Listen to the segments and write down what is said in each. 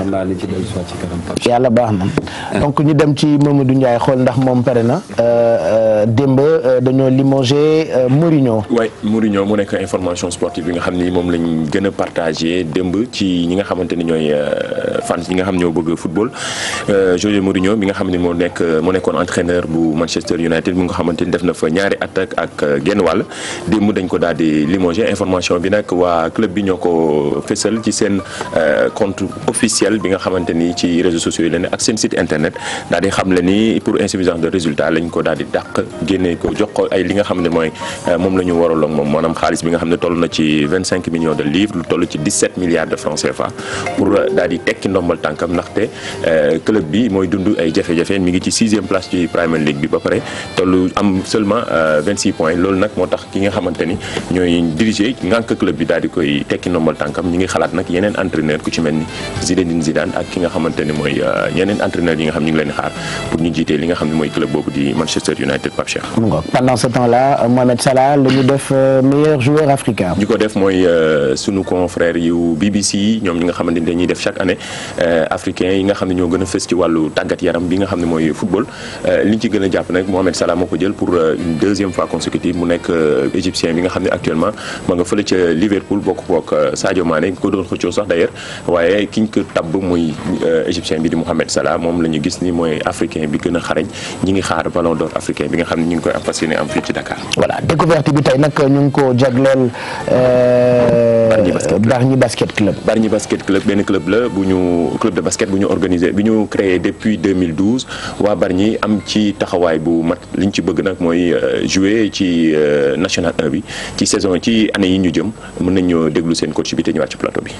xam naa li ci dellu yàlla baax na donc ñu dem ci moom Mamadou Ndiaye xool ndax moom pare na euh, euh, démb euh, dañoo limogé Mourinho waay Mourinho mu nekk information sportive bi nga xam ni moom lañ gën a partagé démb ci ñi nga xamante ni ñooy fans yi nga xam ñoo bëgg football euh, José Mourinho mi nga xam ne moo nekk moo nekkoon entraîneur bu Manchester United mu nga xamante def na fa ñaari at ak euh, genn wàll démb dañ ko daal di limogé information bi nag waa club bi ñoo ko fésal ci seen euh, compte officiel bi nga xamante ni ci réseaux sociaux yi la ak seen site internet daal xam le ni pour insuffisance de résultat lañ ko daal di dàq génne ko jox ko ay li nga xam ne mooy moom la ñu waraloon nga xam ne toll na ci vingt cinq millions ndombal tànkam ndaxte euh, club bi mooy dund ay jafe-jafe mi ngi ci sixième place ci Premier League bi ba pare tollu am seulement euh, vingt loolu nag moo tax ki nga xamante ni ñooy diriger ngànk club bi daal di koy tekki ndombal tànkam ñi ngi xalaat nag yeneen entraîneur ku ci mel ni Zinedine nga xamante ni mooy ñeneen euh, entraîneur yi nga xam ñu ngi leen xaar pour ñu jiitee li nga xam ne mooy club boobu di Manchester United Pape pendant ce temps là Mohamed Salah la ñu def meilleur joueur africain. ñi ko def mooy sunu confrère yu BBC ñoom ñu nga xamante ni dañuy def chaque année Euh, africain yi nga xam ne ñoo gën a fës tàggat yaram bi nga xam ne mooy football euh, li ñu a jàpp nag Mohamed Salah moo ko jël pour euh, une deuxième fois consécutive mu nekk égyptien bi nga xam ne actuellement ma nga fële ca Liverpool bokk bokk Sadio Mané ko doon xëccoo sax d'ailleurs waaye ki ko tabb muy égyptien bi di Mohamed Salah moom la ñu gis ni mooy africain bi gën a xarañ ñi ngi xaar ballon d'or africain bi nga xam ne ñu ngi koy am fas am fii Bargny basket Bargny basket club. Bargny basket club benn club la bu ñu club de basket bu ñu organisé bi ñu créé depuis 2012 waa Bargny am ci taxawaay bu mat li ñu ci bëgg nag mooy euh, jouer ci euh, national 1 bi ci saison ci année yi ñu jëm mën nañu déglu seen coach bi te ñëwaat ci plateau bi.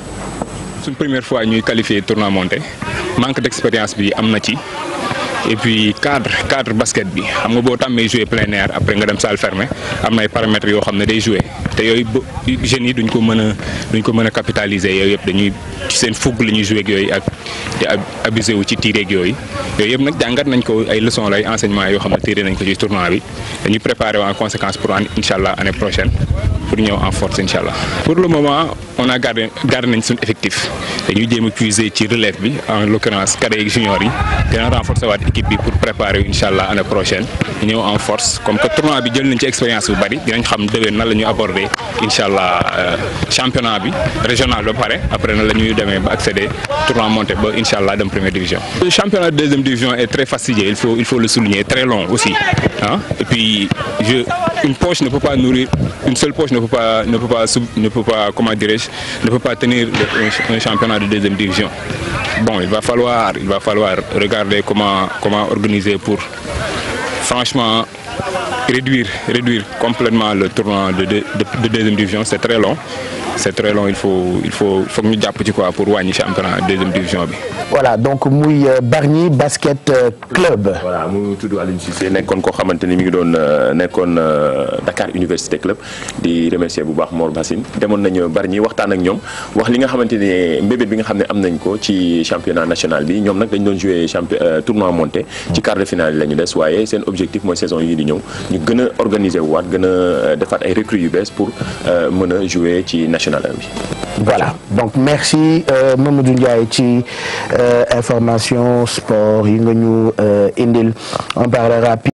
su première fois ñuy qualifié tournoi monté manque d'expérience bi am na ci. et puis cadre cadre basket bi xam nga boo tàmmee jouer plein air après nga dem salle fermée am na ay paramètres yoo xam ne day joue te yooyu jeunes yi duñ ko mën a duñ ko mën a yooyu yëpp dañuy ci seen fugg la ñuy joué ak yooyu ak te abusé wu ci tiire yooyu yooyu yëpp nag jàngat nañ ko ay leçon lay enseignement yoo xam ne tiré nañ ko ci tournoi bi dañuy préparé conséquence pour an incha allah année prochaine pour ñëw en force incha allah pour le moment on a gardé gardé nañ effectif dañuy jéem ci relève bi en l'occurrence cadets yi juniors yi dina renforcer waat équipe bi pour préparer incha allah année prochaine ñëw en force comme que tournoi bi jël nañ ci expérience bu bari dinañ xam déwén nan la ñuy aborder incha allah euh, championnat bi régional ba pare après nan la ñuy ba accéder tournoi monté ba incha allah dem première division. le une poche ne peut pas nourrir, une seule poche ne peut pas, ne peut pas, ne peut pas comment dirais-je, ne peut pas tenir un, championnat de deuxième division. Bon, il va falloir, il va falloir regarder comment, comment organiser pour, franchement, réduire, réduire complètement le tournoi de, de, de deuxième division. C'est très long. c'est très long il faut il faut foog ñu jàpp ci quoi pour wàññi championnat deuxième division bi. voilà donc muy euh, Bargny basket euh, club. voilà mu tudd Aliou Cissé nekkoon koo xamante ni mi ngi doon euh, nekkoon Dakar Université club di remercier bu baax Mor Bassine demoon nañu Bargny waxtaan ak ñoom wax li nga xamante ne mbébét bi nga xam ne am nañ ko ci championnat national bi ñoom nag dañu doon jouer champion tournoi monté. ci quart de finale yi la ñu des waaye seen objectif mooy saison yii di ñëw ñu gën a organiser waat gën a defaat ay recrues yu bees pour mën a jouer ci. national voilà donc merci euh, Mamadou Ndiaye ci euh, information sport yi nga ñu euh, indil on parlera